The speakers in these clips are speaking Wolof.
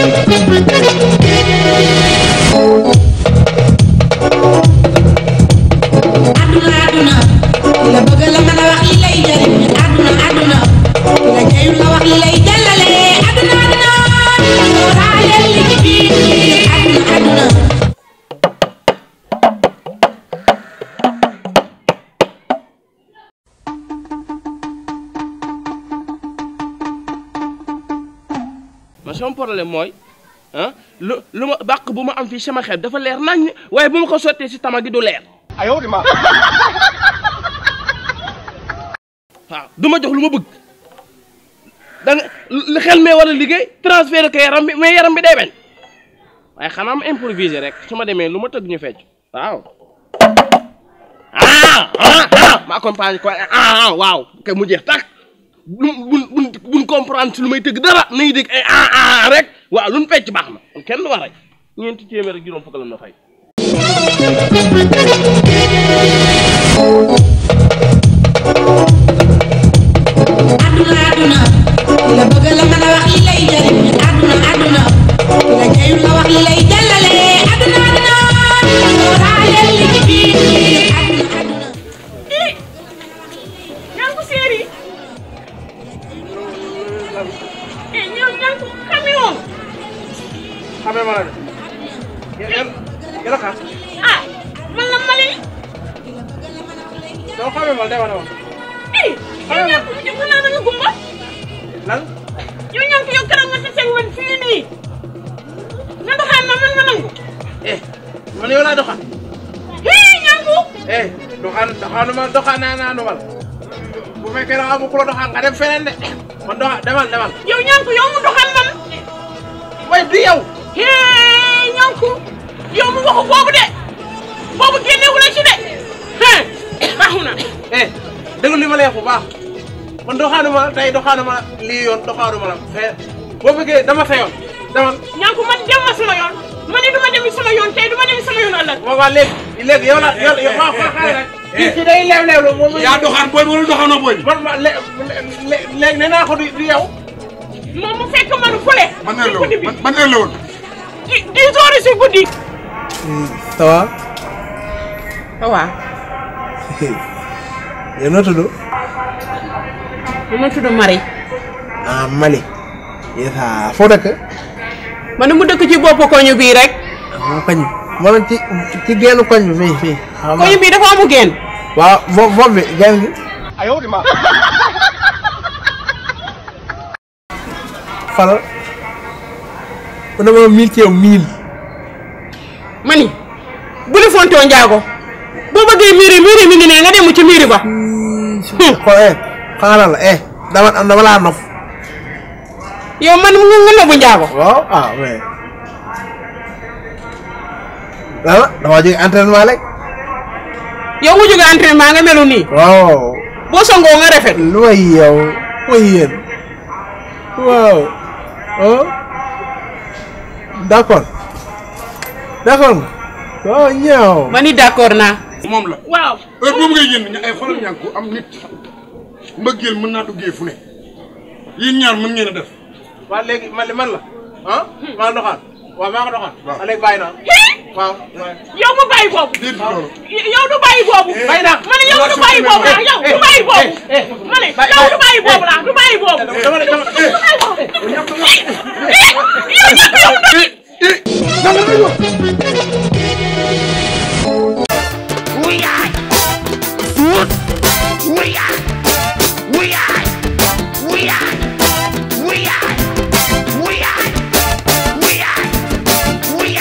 Thank you. problème mooy ah lu lu ma bàq bu ma am fii sama xeeb dafa leer nañ waaye bu ma ko sottee si tama gi du leer. ayoo di ma. waaw du ma jox lu ma bëgg da nga xel mee war a liggéey transféré ko yaram bi mais yaram bi day bañ waaye xanaa ma improviser rek su ma demee lu ma tëgg ñu fecc waaw. ah ah ah ma accompagné ko ah, ah waaw mu jeex comprendre si lu may tëgg dara nañu dégg ay ah ah, ah rek waaw lu nu fecc baax na kenn du wax rek ñeenti téeméer ak juróom fukk la na fay. Kan? yalaka ah malam malam mali doo xamee mal day wane woon eh yow ñàkk mu jëm xanaa da nga gumba lan yow ñàkk yow karam nga tase woon fii nii na doxaan ma man ma nangu eh man yow laa eh doxaan doxaanu ma doxaan nana normal bukan kira aku da amu kadem la doxaan nga deh feneen deh man doxaan demal demal yow ñàkk yow mu doxaan man way du yow mu waxu boobu de boobu génnewu la ci de baaxu na eh déglu li ma lay wax bu baax man doxaanuma tey doxaanuma lii yoon doxaanuma la xëy boo bëggee dama sa yoon dama ñànku man dem ma sama yoon ma ne du ma dem sama yoon tey du ma dem sama yoon ëllëg waaw waaw léegi léegi yow la yow yow waaw xaaral rek kii eh. kii day leew leew la moom yaa doxaan booy wala doxaanoo booy man ma lé léegi nee naa ko du yow moom mu fekk man fële man heure la woon man heure la woon di di soori si guddi Tawa. Tawa. yow noo tudd. man ma tudd Marie. ah Marie. Ah, foo dëkk. man mu dëkk ci bopp koñu bii rek. ah koñ bi ci ci génn koñ bi fii fii. koñu bii dafa amu génn. waaw bo bopp bi génn gi. ayoo di ma. Fala. dama mil ci yow mil. ma ni bu njaago boo bëggee miiri miiri mi ngi nga demu ci miiri ba. Hmm. ko eh xaaral eh dama dama laa nof. yow man nga nga nobu njaago. waaw ah mais. dama damaa jóge entraînement rek. yow nga jóge entraînement nga melu nii. waaw. boo songoo nga rafet. lu way yow way yéen waaw. Oh. d' d'accord nga. Ah, waaw ñëw. ma moom la waaw. heure boobu ngay yéen ñu ay xolam ñànku am nit mbëggeel mën naa duggee fu ne yéen ñaar mën ngeen a def. waaw léegi man man la ah hmm. maa doxal waaw maa ko doxal. waaw léegi bàyyi naa. waaw yow mu bàyyi yow du bàyyi boobu. Eh, bàyyi yow du bàyyi boobu eh, eh, laa yow du bàyyi boobu. ma yow du bàyyi boobu laa 哎，哪里有？乌鸦，乌鸦，乌鸦，乌鸦，乌鸦，乌鸦，乌鸦，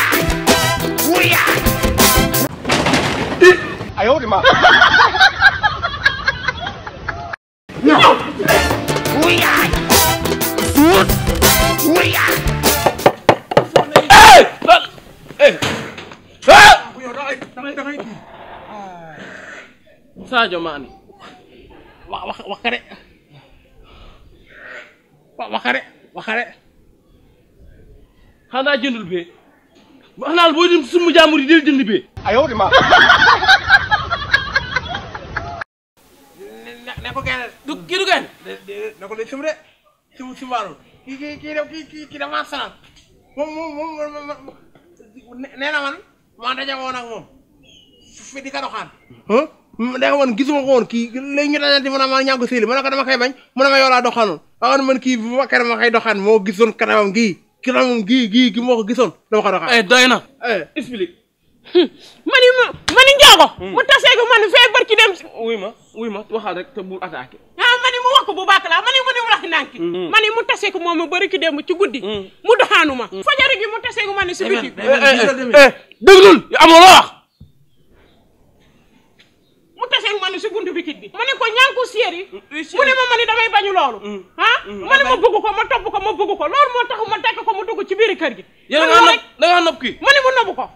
乌鸦。哎，哎呦我的妈！jamaani wa wa wakare wa wakare wakare xanaa jëndul bee xanaa boo jëm sumu jaamur yi del jënd bee ayoo di ma ne ko gene du kii du gene ne ko lay sim de sim sim waaru kii kii kii kii kii kii dama sanal moom moom moom nee man maa daje ak moom fi di ka kan? doxaan Mm, da nga woon gisuma ko woon kii léegi ñu dajante mu ne ma ñàkk séeli ma ne ko dama koy bañ mu ne ma yow laa doxaanoon waxoon man kii bu ma kere ma koy doxaan moo gisoon kanamam gii kanamam gii gii gi moo ko gisoon dama ko doxaan. Eh, doy na. Eh. explique. Hmm. man ma mani Ndiago. Hmm. mu tasee ko man fee barki dem. wuy ma wuy ma waxal rek te bu attaqué. ah mani mu wax ko bu baax la mani mu ne mu wax nanki. Hmm. mani mu tasee ko moom mu bari ki dem ci guddi. mu doxaanu ma. fajar gi mu tasee ko man si biti. Eh, déglul amuloo wax. liquide bi ma ne ko ñànku séeri mu ne ma ma ni damay bañu loolu mm. ah mm. ma ne ma ko ma topp ko ma bëgg ko loolu moo tax ma takk ko mu dugg ci biir kër gi yow da nga da nga nopp kii ma ne mu nopp ko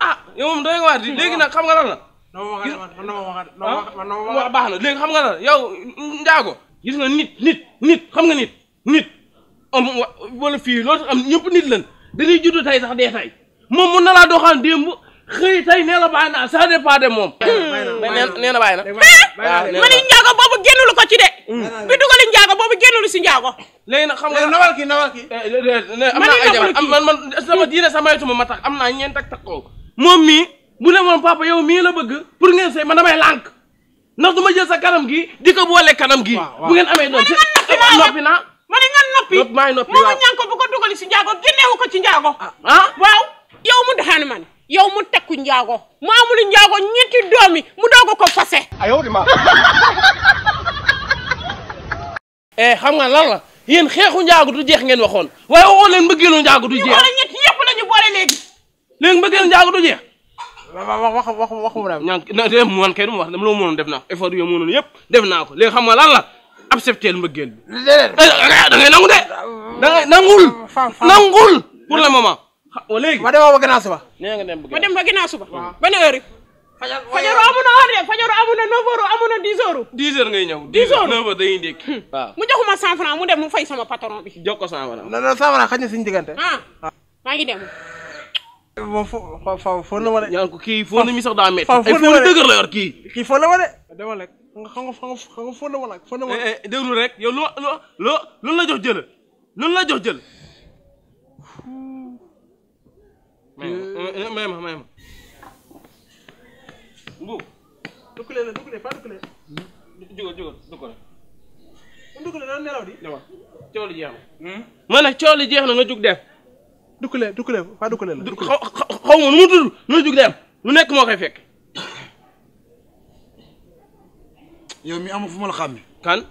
ah yow moom doy nga waar di mm. léegi nag xam nga lan la wa ah? ah, baax na léegi xam nga lan yow njaago gis nga nit nit nit xam nga nit nit am wala fii loolu am ñëpp nit lan dañuy juddu tay sax dee tay moom mun na laa doxaan démb xëy tey nee la baax naa ça dépend de moom. nee na bàyyi na waaw ah, nee na mani njaago boobu génnul ko ci de. Mm. bi dugali njaago boobu génnul si njaago. léegi xam nga nawal ki nawal ki. Eh, am ay jabar man sama diine sama yituma ma tax am naa ñeent ak takkoo moom mii bu ne moom papa yow mii la bëgg pour ngeen sëy man damay lànk ndax du ma jël sa kanam gi di ko boole kanam gi. bu ngeen amee doon ci noppi naa. ma nga noppi maa ngi bu ko dugali si njaago génnewu ko ci njaago. Ah, ah waaw yow mu daxaan man yow mu takku njaago mu amul njaago ñetti doomi mu doog ko fase ayow di ma eh xam nga lan la yéen xeexu njaago du jeex ngeen waxoon waaye waxoon leen mbëggeelu njaago du jeex ñu ñett ñëpp la ñu boole léegi léegi mbëggeelu njaago du jeex wax wax wax mu dem ñaan dem man kay dum wax dama la mënoon def naa effort yo mënoon yëpp def naa ko léegi xam nga lan la accepter mbëggeel bi eh, eh, da ngay nangu de da ngay nangul nangul pour le moment wa oh, léegi ma demoo ba a suba. nee nga dem ba na ba gannaaw suba. ban heure. fajar fajaru amu na heure de fajaru amu a 9h amu na 10h. 10h ngay ñëw. 10h 9h day ndékk. Hmm. waaw mu joxuma 100 francs mu dem sama patron bi. jox ko 100 francs. non non ah. maa ngi dem. moom fo fo foo na ma de. ko kii foo na mi sax daa métti. faaw foo de la yor kii. kii foo na ma de. demal rek xam nga xam nga foo na ma eh, eh, rek yow loo loo la jox jël loolu la jox jël may euh, euh, ma may ma mbuub dukkule la dukkule pas dukkule jógal jógal dukkule dukkule nelaw di dama jeex na hmm? ma ne cool jeex na nga jug dem dukkule dukkule pas dukkule la xaw ma nu mu tudd nu jug dem lu nekk moo koy fekk yow mi amu fu ma la xàmme kan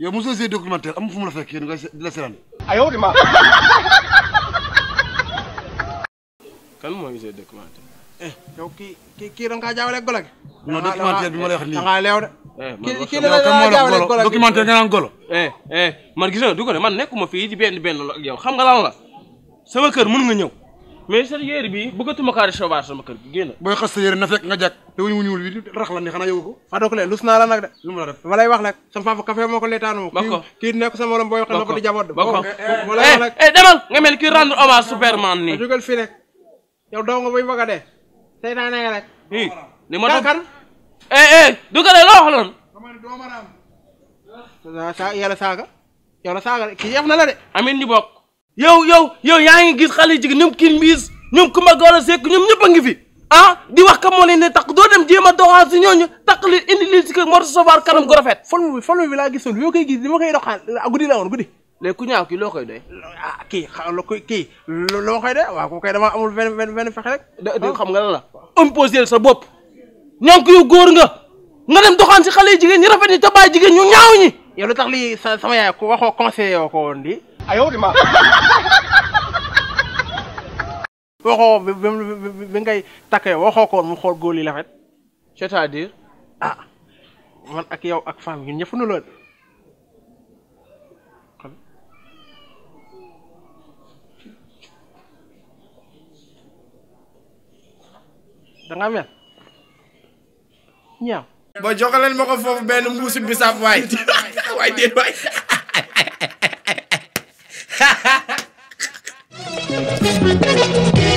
yow mosoo see documentaire amu fu ma la fekk yéen di la seraan ayoo di ma kan moo gisee documentaire. eh yow kii kii kii da nga kaa jaawale golo gi. non documentaire bi ma lay wax nii da ngaa leew de. Eh, kii kii la la jaawale golo gi documentaire nga naan golo. eh eh man gis nga du ko de man nekkuma fii ci benn benn la ak yow xam nga lan la sama kër mën nga ñëw. mais sa yére bi bëggatuma kaari sauvage sama kër gi génn. booy xas sa yére na fekk nga jàkk te wuñu wuñuwul bi rax la ni xanaa yow ko faa ah, doo ko lee lus naa la nag de lu mu la def ma lay wax rek sama papa café moo ko leetaanu ma ko kii nekk sama morom booy wax na ko di jaboot de eh, ma lay eh, wax rek eh demal nga mel kii rendre hommage Superman nii jógal fii rek yow daw nga bay bëgg a dee. seytaane nga rek. ni ma doon kan eh eh loo wax noonu. sa yàlla saaga yow la saaga kii yef na la de. amiin ñu bokk. yow yow yow yaa ngi gis xale yu jigéen ñoom kii miis ñoom ku mag wala sekk ñoom ñëpp a ngi fi. ah di wax ka moo leen ne takk doo dem jéem a doxaan si ñooñu takk li indi li si kër Mor Sobar kanam gu rafet. folme bi folme bi laa gisoon bi ma koy gis li ma koy doxaan ah, guddi la woon guddi. léegi ku ñaaw kii loo koy doy. ah kii xa kii loo koy doy waaw ko koy damaa amul benn fexe rek. da xam nga lan la. imposer sa bopp. ñànk yu góor nga. nga dem doxaan si xale yi jigéen ñi rafet ñi te bàyyi jigéen ñu ñaaw ñi. yow tax lii sa sama yaay ku waxoo conseillé yoo ko woon di. ayoo di ma. waxoo bi bi bi ngay waxoo ko woon mu xool góor yi rafet. c'est-à-dire ah man ak yow ak femme ñun ñëpp nu da mel ñaaw iya. ba joxalel mako fofu ben mbuusi bisap